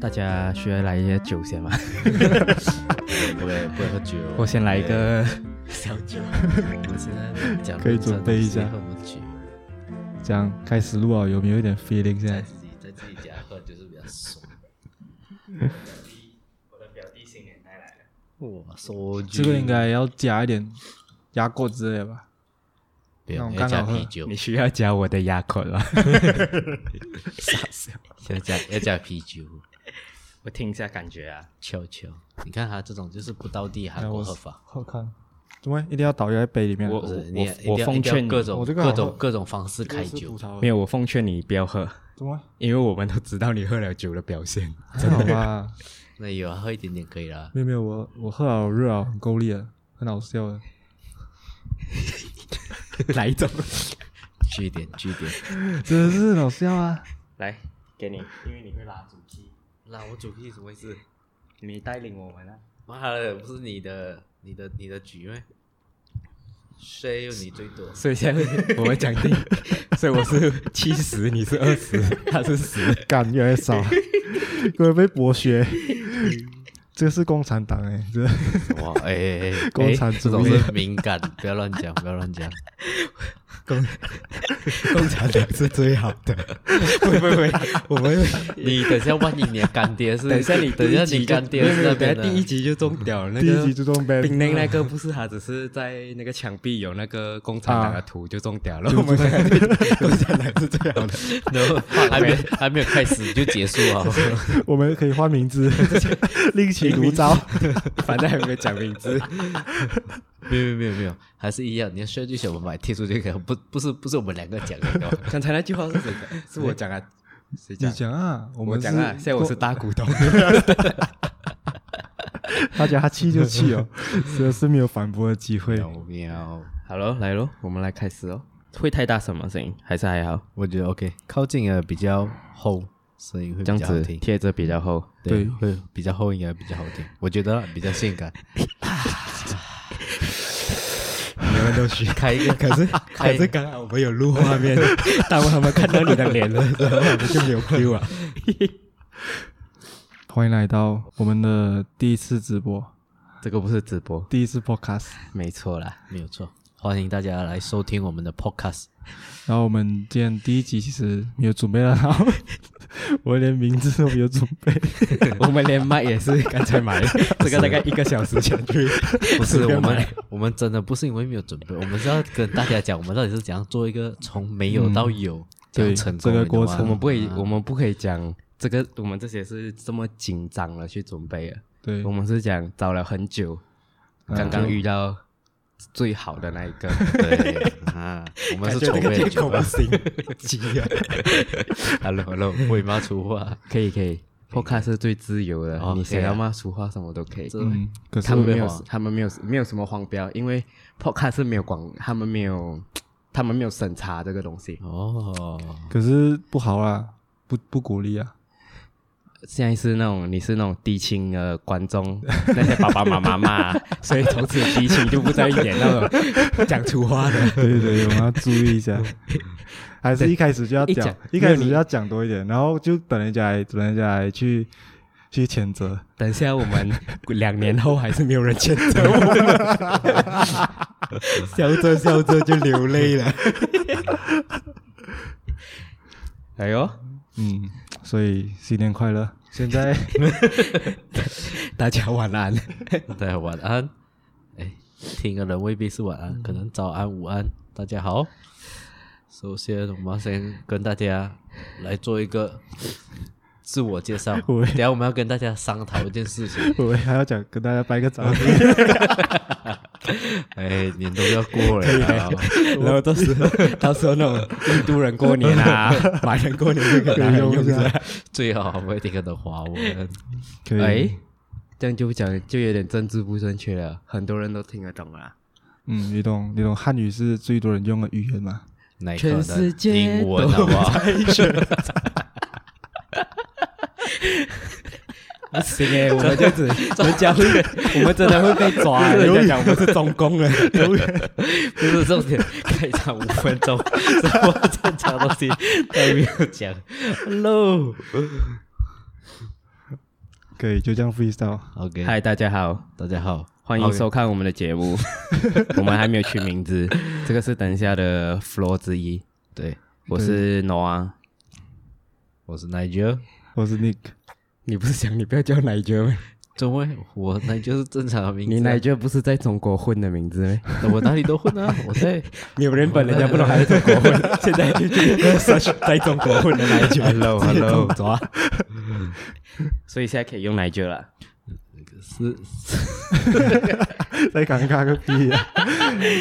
大家需要來一些酒先嗎？不喝酒，我先來一個小酒。我現在可以準備一下。這樣開始錄啊，有沒有一點 feeling？現在自己在自己家喝就是比較爽。我的表弟，我的表弟新年帶來了，這個應該要加一點牙果之類吧？不要加啤酒，你需要加我的牙口了。殺小！要加要加啤酒。我聽一下感覺啊，秋秋，你看他這種就是不道地，韓國喝法，好看。怎麼、欸、一定要倒在杯裡面？我我我奉勸你，各種各種各種方式開酒，沒有，我奉勸你不要喝。怎麼？因為我們都知道你喝了酒的表現，真的嗎？ 那有，喝一點點可以了。沒有沒有，我我喝好熱啊，很夠力啊，很好笑啊。來一種，聚一點，聚一點，真的是好笑啊。來，給你，因為你會拉主機。老我主 K 什麼意思？你帶領我們呢、啊？媽的、啊，不是你的，你的，你的局嗎？誰有你最多？所以現在我們獎金， 所以我是七十， 你是二十，他是十，幹越來越少，因會 被剝削。 這是共產黨哎、欸！哇， 哎、欸，欸、共產這種是敏感，不要亂講，不要亂講。 共共產黨是最好的，不不不，我們你等下，萬一你乾爹是，等下你等下你乾爹是，等下第一集就中掉了，第一集就中掉了。丁磊那個不是他，只是在那個牆壁有那個共產黨的圖就中掉了。共產黨是最好的，還沒還沒有開始就結束啊。我們可以換名字另起爐灶，反正還沒講名字。沒有沒有沒有，還是一樣。你要設計我把它貼出去，不不是不是我們兩個講的。剛才那句話是誰講？是我講啊。誰講啊？我們講啊。現在我是大股東。他講他氣就氣了，只是沒有反駁的機會。好，哈嘍，來嘍，我們來開始哦。會太大聲嗎聲音？還是還好？我覺得 OK。靠近了，比較厚聲音，這樣子貼着比較厚，對，會比較厚應該比較好聽。我覺得比較性感。我們都虛開，可是可是剛剛我們有錄畫面，當他們看到你的臉了，不是牛逼嗎？ 歡迎來到我們的第一次直播，這個不是直播，第一次 podcast，沒錯啦，沒有錯，歡迎大家來收聽我們的 podcast。然後我們今天第一集其實沒有準備了。 我連名字都沒有準備， 我們連麥也是剛才買的，這個大概一個小時前去。 不是我們， 有我們真的不是因為沒有準備， 我們是要跟大家講，我們到底是怎樣做一個從沒有到有這、嗯對這個過程。我們不可以，啊、我們不可以講這個，我們這些是這麼緊張的去準備的對，我們是講找了很久，剛剛、嗯、遇到。最好的那一個，對啊，我們是寵物明星，機啊，Hello Hello，尾巴出話可以可以，Podcast 是最自由的，你誰他媽出話什麼都可以，可是他們沒有，他們沒有，沒有什麼黃標，因為 Podcast 是沒有廣，他們沒有，他們沒有審查這個東西，哦，可是不好啊，不不鼓勵啊。現在是那種，你是那種低清的觀眾，那些爸爸媽媽罵， 所以從此低清就不再演那種講粗話的。對，對對，我們要注意一下，還是一開始就要講，一，講一開始就要講多一點，然後就等人家，等人家來去去譴責。等一下我們兩年後還是沒有人譴責我們，笑着笑着就流淚了。 哎呦，嗯。所以新年快樂！現在 大家晚安。 大家晚安。哎，聽的人未必是晚安，嗯、可能早安、午安。大家好，首先我們先跟大家來做一個自我介紹。 對等下我們要跟大家商討一件事情。 對，還要講跟大家拜個早年。 哎，年都要過了、啊，以我然後到時候， 到時候那種印度人過年啊，馬來 人過年那、啊、個，最好會聽得懂華文。可以哎，這樣就不講就有點政治不正確了，很多人都聽得懂啦。嗯，你懂你懂，漢語是最多人用的語言嗎？一的文好好全世界都猜選。 那行哎，我們就只我們真的會被抓。人家講，我們是中共哎，不是重點，開場五分鐘，什麼正常東西都沒有講。Hello，可以就這樣 freestyle。OK，嗨，大家好，大家好，歡迎收看我們的節目。我們還沒有取名字，這個是等一下的 floor 之一。對，我是 Noah，我是 Nigel，我是 Nick。你不是想你不要叫奶絕嗎？怎麼我奶絕是正常的名字。你奶絕不是在中國混的名字嗎？我哪裡都混啊！我在有人本人家不能還在中國混。現在就上去在中國混的奶絕。Hello，Hello，走啊！所以現在可以用奶絕了。是，在感慨個屁啊！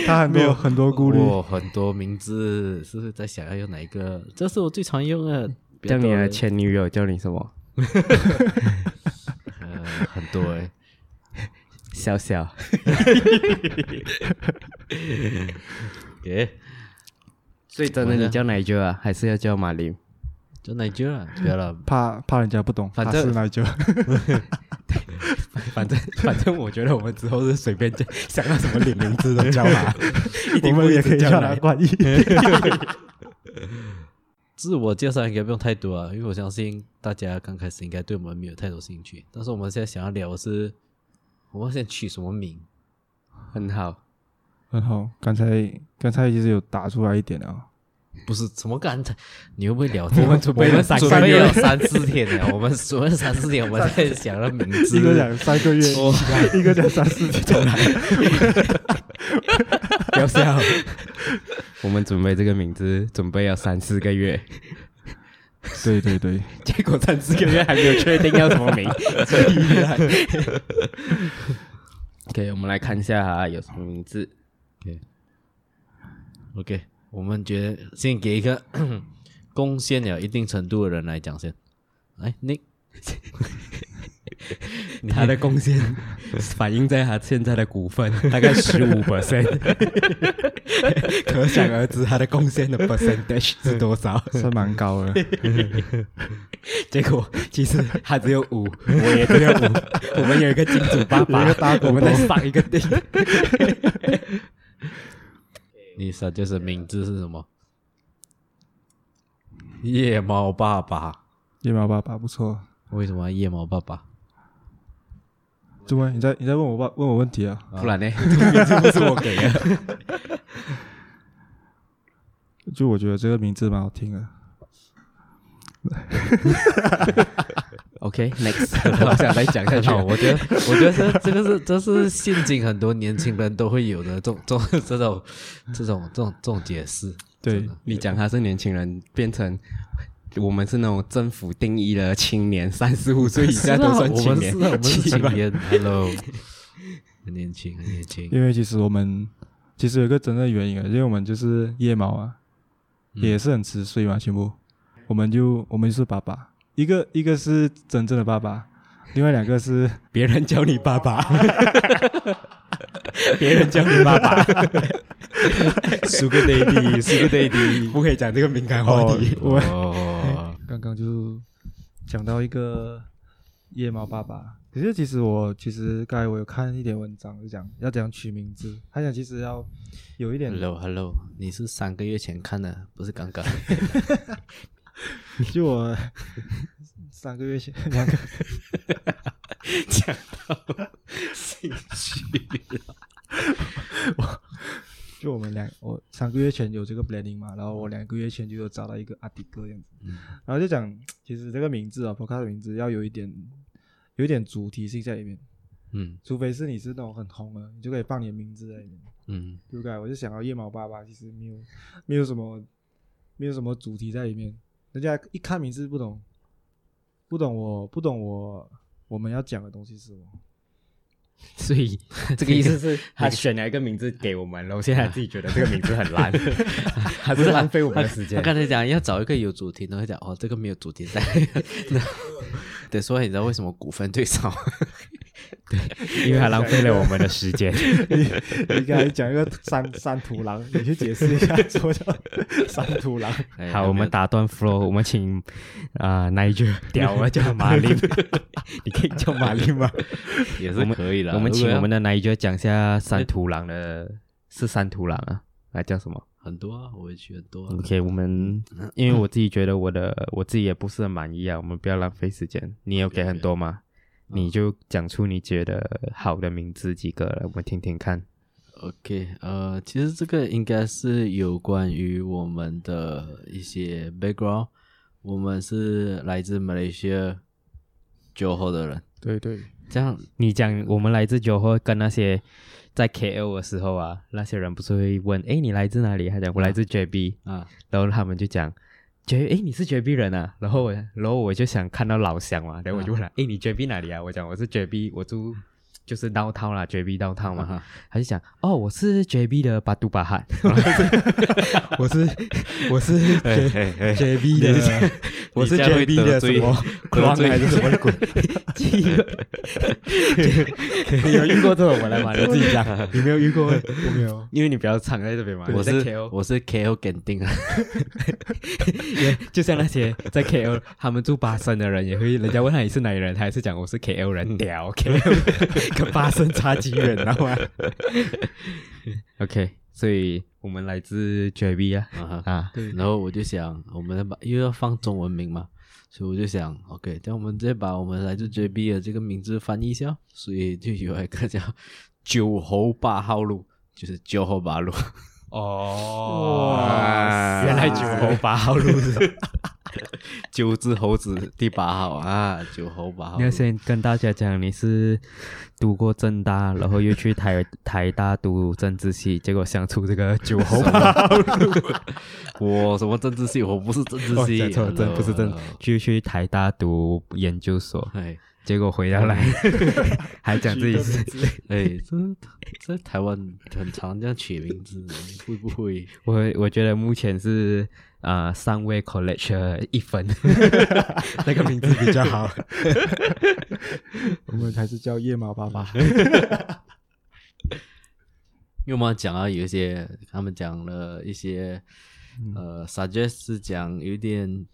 他還沒有很多顧慮，很多名字，是不是在想要用哪一個？這是我最常用的。叫你的前女友叫你什麼？哈哈哈哈哈，呃、 嗯，很多哎、欸，小小， 哈哈哈哈哈哈哈，哎，最真的叫奶酒啊，還是要叫馬林？叫奶酒啊，不要了，怕怕人家不懂，是 反正奶酒， 對，反，反正反正我覺得我們之後是隨便叫， 想到什麼你林芝都叫他，我們也可以叫他關毅。 自我介紹應該不用太多啊，因為我相信大家剛開始應該對我們沒有太多興趣。但是我們現在想要聊的是，我們現在取什麼名？很好，很好。剛才剛才其實有打出來一點啊，不是？怎麼剛才？你會不會聊天？我們準備了三四天，我們準備，我們準備三四天，我們在想的名字，一個兩三個月，我一個兩三四天。 要笑！ 我們準備這個名字，準備要三四個月。 對對對，結果三四個月還沒有確定要什麼名。可以，我們來看一下、啊、有什麼名字。Okay. OK，我們覺得先給一個 貢獻了一定程度的人來講先。來，你。 你 他的貢獻反映在他現在的股份，大概十五 percent，可想而知他的貢獻的 percentage 是多少，算蠻高的。結果其實他只有五， 我也只有五。 我們有一個金主爸爸，我們在上一個電影。 你說就是名字是什麼？夜貓爸爸，夜貓爸爸不錯。為什麼夜貓爸爸？對麼？你在你在問我問問我問題啊？不然呢？這個名字不是我給的。 就我覺得這個名字蠻好聽啊。OK，next，我想來講一下。我覺得我覺得這這個是這是陷阱，就是、現今很多年輕人都會有的這種這種這種這種這種解釋。對，你講他是年輕人對變成。我們是那種政府定義的青年，三十五歲以下都算青年。Hello，很年輕，很年輕。因為其實我們其實有一個真正的原因啊，因為我們就是夜貓啊，嗯、也是很遲睡嘛，全部。我們就我們就是爸爸，一個一個是真正的爸爸，另外兩個是別人叫你爸爸。 別人叫你爸爸，Sugar Daddy，Sugar Daddy，不可以講這個敏感話題。哦，剛剛就是講到一個夜貓爸爸，可是其實我其實剛才我有看一點文章，就講要怎樣取名字，他講其實要有一點。Hello，Hello，hello，你是三個月前看的，不是剛剛？ 就我三個月前兩個 就我們兩，我三個月前有這個 planning 嘛，然後我兩個月前就有找到一個阿迪哥這樣子，嗯、然後就講，其實這個名字啊、哦，podcast 名字要有一點，有點主題性在裡面，嗯，除非是你是那種很紅的，你就可以放你的名字在裡面，嗯，對不對？我就想要夜貓爸爸，其實沒有，沒有什麼，沒有什麼主題在裡面，人家一看名字不懂，不懂我，不懂我，我們要講的東西是什麼。所以這個意思是，他選了一個名字給我們，然後 他現在還自己覺得這個名字很爛，還不 他 是浪費我們的時間、啊。我剛才講要找一個有主題，然後他會講哦，這個沒有主題在。 對， 對，所以你知道為什麼股份最少？ 對，因為他浪費了我們的時間。你你剛才講一個三三土狼，你去解釋一下什麼叫三圖狼。好，我們打斷 flow，我們請啊 Niger 屌啊叫瑪麗，你可以叫瑪麗嗎？也是可以的。我們請我們的 Niger 講一下三圖狼的，是三圖狼啊，還叫什麼？很多啊，我也覺得多。OK，我們因為我自己覺得我的我自己也不是很滿意啊，我們不要浪費時間。你有給很多嗎？你就講出你覺得好的名字幾個我聽聽看。嗯。OK，呃，其實這個應該是有關於我們的一些 background，我們是來自馬來西亞 Johor 的人。對對，這樣你講我們來自 Johor 跟那些在 KL 的時候啊，那些人不是會問，哎，你來自哪裡？他講我來自 JB，啊，啊然後他們就講。哎，你是絕壁人啊？然後我，然後我就想看到老鄉嘛，然後我就問他，哎、啊，你絕壁哪裡啊？我講我是絕壁，我住。就是 downtown 啦，JB downtown 嘛！他就講：“哦，我是 JB 的巴杜巴汗，我是我是我是 JB 的，我是 JB 的什麼鬼王還是什麼鬼？你有遇過這種？我來我自己講，你沒有遇過？沒有，因為你比較常在這邊嘛。我是 KL，我是 KL 肯定啊，就像那些在 KL 他們住巴生的人，也會人家問他你是哪人，他還是講我是 KL 人。屌，KL。”八聲差幾遠然後啊 OK 所以我們來自 J B 啊然後我就想，我們把又要放中文名嘛，所以我就想 OK，但我們再把我們來自 J B 的這個名字翻譯一下，所以就有一個叫九猴八號路，就是九猴八路。哦，哇三原來九猴八號錄是 九隻猴子第八號啊， 九猴八號。你要先跟大家講，你是讀過政大，然後又去台 台大讀政治系，結果想出這個九猴八號錄。我什麼政治系？我不是政治系，我 講錯，真不是政治， 就去台大讀研究所。哎結果回到來，還講自己是哎，這在台灣很常這樣取名字，會不會？我我覺得目前是啊，Sunway College 一分，那個名字比較好。我們還是叫夜貓爸爸。因為我們講啊，有一些他們講了一些呃，suggest 講有點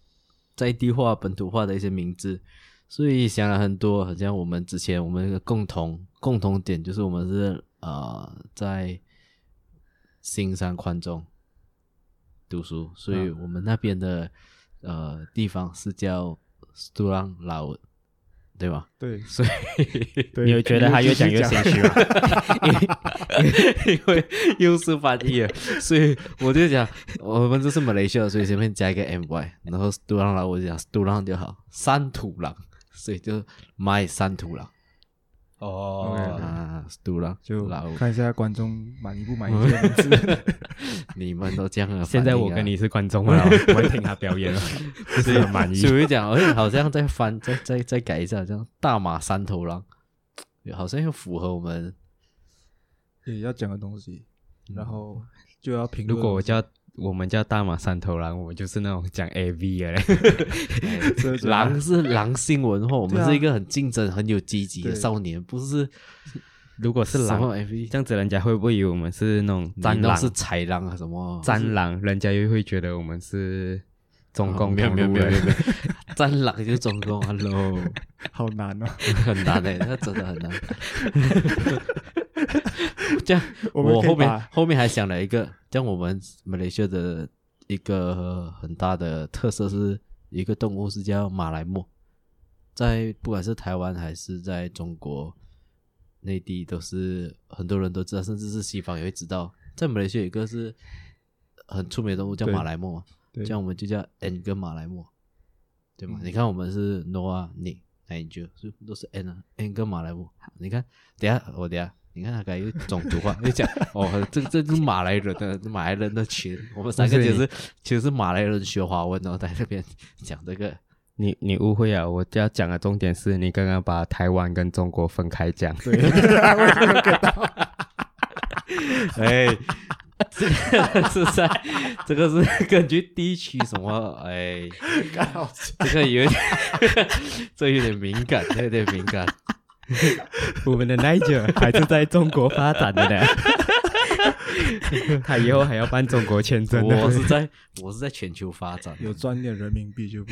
在地化、本土化的一些名字。所以想了很多，好像我們之前我們的共同共同點就是我們是呃在新山寬中讀書，所以我們那邊的、啊、呃地方是叫杜朗老，對吧？對，所以對 你有覺得他越講越興趣嗎？因為又是翻譯了 所以我就講我們這是馬來西亞，所以前面加一個 M Y，然後杜朗老我就講杜朗就好，山土朗。所以就賣三圖了，哦，oh, Okay, then, 啊，堵了就看一下觀眾滿意不滿意。 你們都這樣、啊，現在我跟你是觀眾了， 我也聽他表演了，就是滿意。所以我講，欸好像再翻再再再改一下，叫大馬三頭狼，好像又符合我們。欸、要講的東西，然後就要評論。如果我叫。我們叫大馬三頭狼，我們就是那種講 A V 的 狼是狼性文化，我們是一個很競爭、很有積極的少年，不是？對如果是狼 A V，這樣子人家會不會以為我們是那種？戰狼？是豺狼啊，什麼？戰狼，人家又會覺得我們是中共。喵喵喵喵喵，戰狼 就中共，哈嘍 Hello，好難哦， 很難、欸、那真的很難。 這樣，我後面我、啊、後面還想了一個，這樣我們馬來西亞的一個很大的特色是一個動物是叫馬來貘，在不管是台灣還是在中國內地，都是很多人都知道，甚至是西方也會知道，在馬來西亞有一個是很出名的動物叫馬來貘，對對，這樣我們就叫 N 跟馬來貘，對嗎？嗯、你看我們是 Noah Nick Angel 都是 N 啊，N 跟馬來貘，你看，等一下我等一下。你看他講有種族話，你 講哦，這這是馬來人的， 馬來人的群。我們三個就是其實是馬來人學華文然、哦、後在這邊講這個，你你誤會啊！我要講的重點是你剛剛把台灣跟中國分開講，對，哎，這個是在這個是根據地區什麼？哎，這個有點， 這有點敏感，這有點敏感。 我們的 Nigel 還是在中國發展的呢， 他以後還要辦中國簽證 的我是在我是在全球發展的，有賺點人民幣就。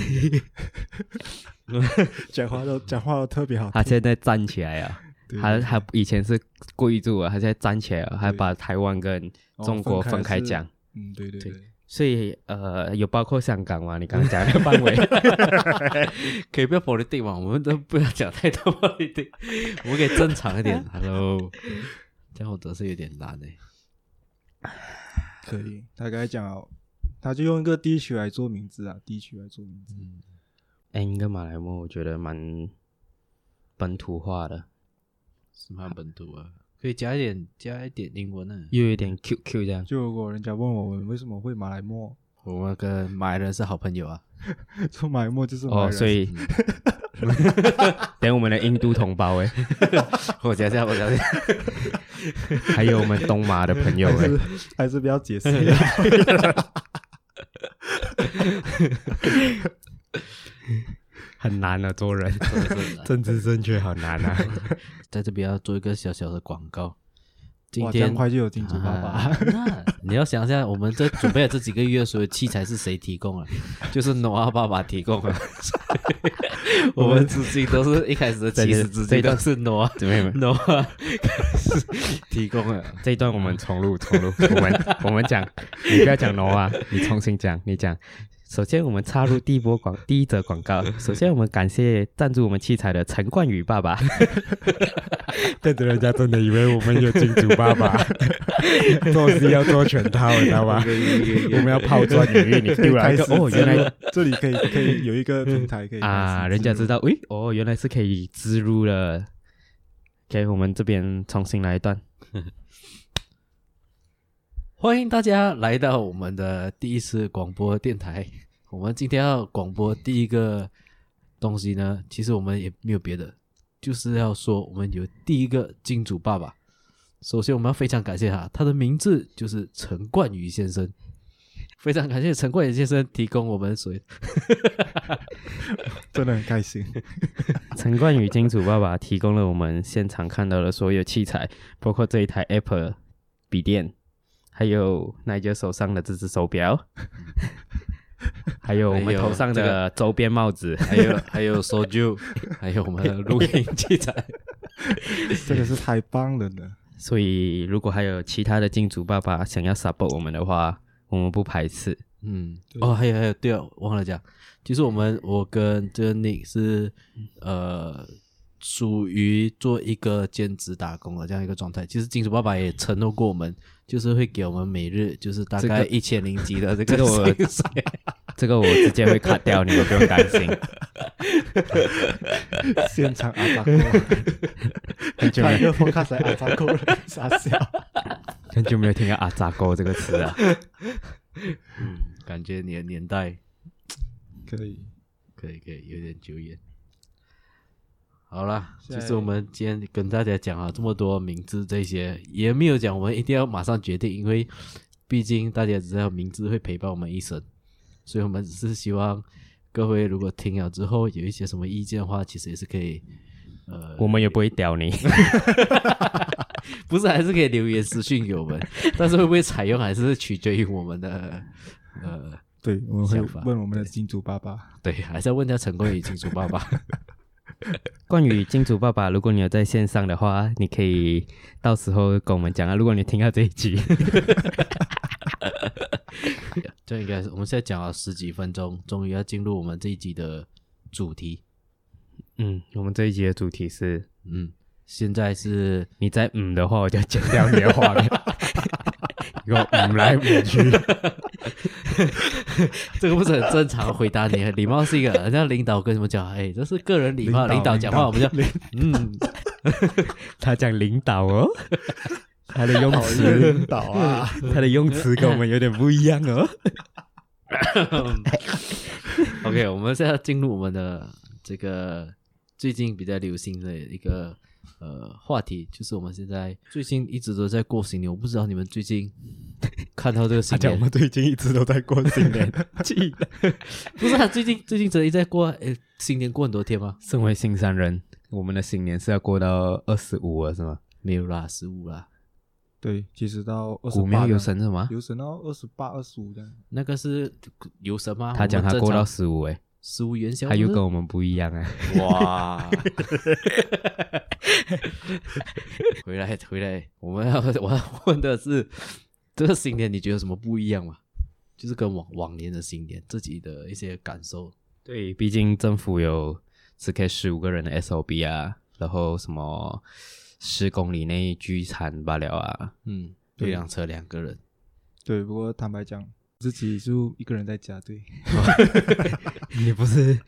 講 話都講話都特別好。他現在站起來了，他他以前是跪啊，他現在站起來，還把台灣跟中國分開講，哦。嗯，對對對。對所以，呃，有包括香港嗎？你剛才講的範圍 可以不要 politic 嘛？我們都不要講太多 politic，我們可以正常一點。Hello， 這樣我得是有點難誒。可以，他剛才講，他就用一個地區來做名字啊，地區來做名字。哎、嗯，一個馬來文我覺得蠻本土化的，是蠻本土啊。可以加一點，加一點英文呢，又有一點 QQ 這樣。就如果人家問我們為什麼會馬來莫？我們跟馬來人是好朋友啊。做 馬來莫就是哦，所以 等我們的印度同胞哎、欸，我想想我想想還有我們東馬的朋友哎、欸， 還是比較解釋一、欸 很難了、啊，做人，政治正確好難啊。在這邊要做一個小小的廣告，哇今天很快就有金主爸爸、啊。啊、你要想一下，我們這準備了這幾個月所有器材是誰提供了？ 就是諾阿爸爸提供了。 我們自己都是一開始的幾十支，對這段是諾，準備們諾啊，諾阿笑提供了。這一段我們重錄，重錄，我們我們講， 你不要講諾啊，你重新講，你講。首先，我們插入第一波廣，第一則廣告。首先，我們感謝贊助我們器材的陳冠宇爸爸。但是人家真的以為我們有金主爸爸，做事要做全套，你知道嗎？我們要拋磚引玉，你丟來哦，原來這裡可以可以有一個平台，可以啊，人家知道，誒，哦，原來是可以植入了。給我們這邊重新來一段。歡迎大家來到我們的第一次廣播電台。我們今天要廣播第一個東西呢，其實我們也沒有別的，就是要說我們有第一個金主爸爸。首先，我們要非常感謝他，他的名字就是陳冠宇先生。非常感謝陳冠宇先生提供我們所， 真的很開心。 陳冠宇金主爸爸提供了我們現場看到的所有器材，包括這一台 Apple 筆電。還有奈傑爾手上的這隻手錶，還有我們頭上這個周邊帽子， 還有 還有 Soju，還有我們的錄音器材， 這個是太棒了呢。所以如果還有其他的金主爸爸想要 support 我們的話，我們不排斥。嗯，對哦，還有還有，對啊，忘了講，其實我們我跟 Jenny 是呃。屬於做一個兼職打工的這樣一個狀態。其實金主爸爸也承諾過我們，就是會給我們每日就是大概一千零,零幾的這個。這個， 這個我直接會卡掉，你們不用擔心。哈哈哈哈哈！現場阿扎哥，很久沒有聽到阿扎哥了，傻笑。很久沒有聽到阿扎哥這個詞了，啊，嗯，感覺你的年代可以，可以，可以，有點久遠。好啦，其實在我們今天跟大家講了這麼多名字，這些也沒有講我們一定要馬上決定，因為畢竟大家只知道名字會陪伴我們一生，所以我們只是希望各位如果聽了之後有一些什麼意見的話，其實也是可以，呃，我們也不會屌你， 不是，還是可以留言私信給我們，但是會不會採用還是取決於我們的，呃，對，我們會問我們的金主爸爸，對，對，還是要問一下成功與金主爸爸。 關於金主爸爸，如果你有在線上的話，你可以到時候跟我們講啊。如果你聽到這一集， 這樣應該是我們現在講了十幾分鐘，終於要進入我們這一集的主題。嗯，我們這一集的主題是，嗯，現在是你再嗯的話，我就剪掉你的畫面 五來五去， 這個不是很正常？回答你，禮貌是一個，人家領導跟我們講，哎，這是個人禮貌。領導講話，我們就導嗯， 他講領導哦，他的用詞領導啊，他的用詞跟我們有點不一樣哦。 OK，我們現在進入我們的這個最近比較流行的一個。呃，話題就是我們現在最近一直都在過新年，我不知道你們最近、嗯、看到這個新年。我們最近一直都在過新年，記得？不是啊，最近最近一直在過，呃，新年過很多天嗎？身為新山人，嗯、我們的新年是要過到二十五啊，是嗎？沒有啦，十五啦。對，其實到古廟遊神什麼？遊神到二十八、二十五的。那個是遊神嗎？他講他過到十五誒。蘇元他又跟我們不一樣啊。哇， 回來回來，我們要我要問的是，這個新年你覺得什麼不一樣嗎？就是跟往往年的新年自己的一些感受。對，畢竟政府有只開十五個人的 S O B 啊，然後什麼十公里內聚餐罷了啊。嗯，對，一輛車兩個人。對，不過坦白講。自己就一個人在家，對、哦，你不是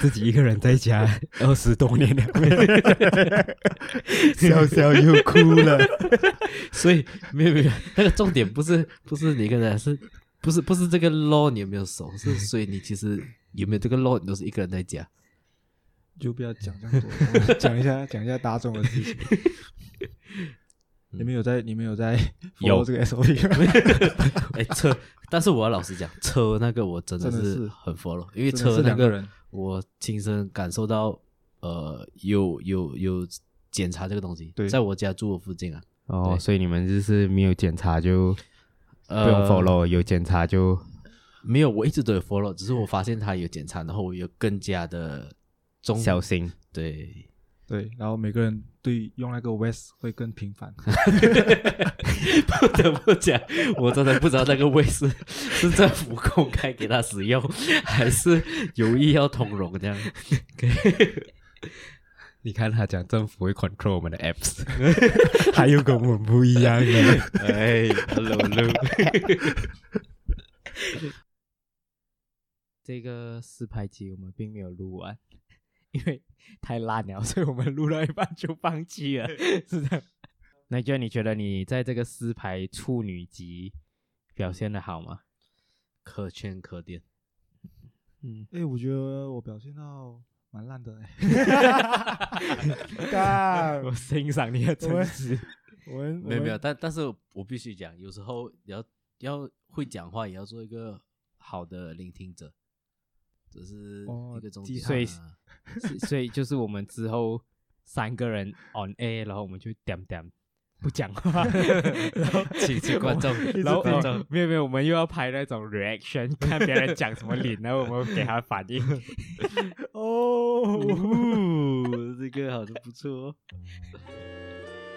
自己一個人在家二十 多年了，？ 笑笑又哭了， 所以沒有沒有那個重點，不是不是你一個人，是不是不是這個咯？你有沒有手？是所以你其實有沒有這個咯？你都是一個人在家，就不要講這麼多，講一下， 講一下講一下大眾的事情。 你們有在，你們有在 follow 有這個 SOP 嗎，？ 欸，車，但是我要老實講，車那個我真的是很 follow，因為車那個人，我親身感受到，呃，有有有檢查這個東西。對在我家住我附近啊。哦，所以你們就是沒有檢查就不用 follow，有檢查就、呃、沒有。我一直都有 follow，只是我發現他有檢查，然後我有更加的重小心。對。對，然後每個人對用那個 West 會更頻繁。 不得不講，我真的不知道那個 West 是政府公開給他使用，還是有意要通融這樣。 你看他講政府會 control 我們的 Apps，還有 跟我們不一樣耶。 哎，Hello 這個試播集我們並沒有錄完。因為太爛了，所以我們錄到一半就放棄了，是這樣。 那娟你覺得你在這個試播處女集表現得好嗎？可圈可點。嗯，哎、欸，我覺得我表現到蠻爛的。我欣賞你的真實。沒有沒有，但但是我必須講，有時候要要會講話，也要做一個好的聆聽者。只是一個綜藝，啊，哦，所以 所以就是我們之後三個人 on air，然後我們就點點不講話， 然後請觀眾，然後，然後沒有沒有，我們又要拍那種 reaction，看別人講什麼理 然後我們給他反應。哦， oh, 這個好像不錯，哦，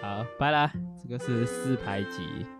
好拜啦，這個是試播集。